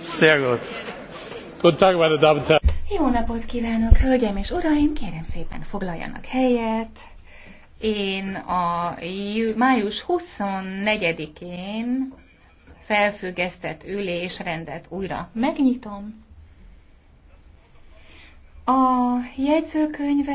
Sehr gut. Guten Tag, meine Damen und Herren. Jó napot kívánok, hölgyem és uraim, kérem szépen foglaljanak helyet. Én a május 24-én felfüggesztett ülésrendet újra megnyitom. A jegyzőkönyve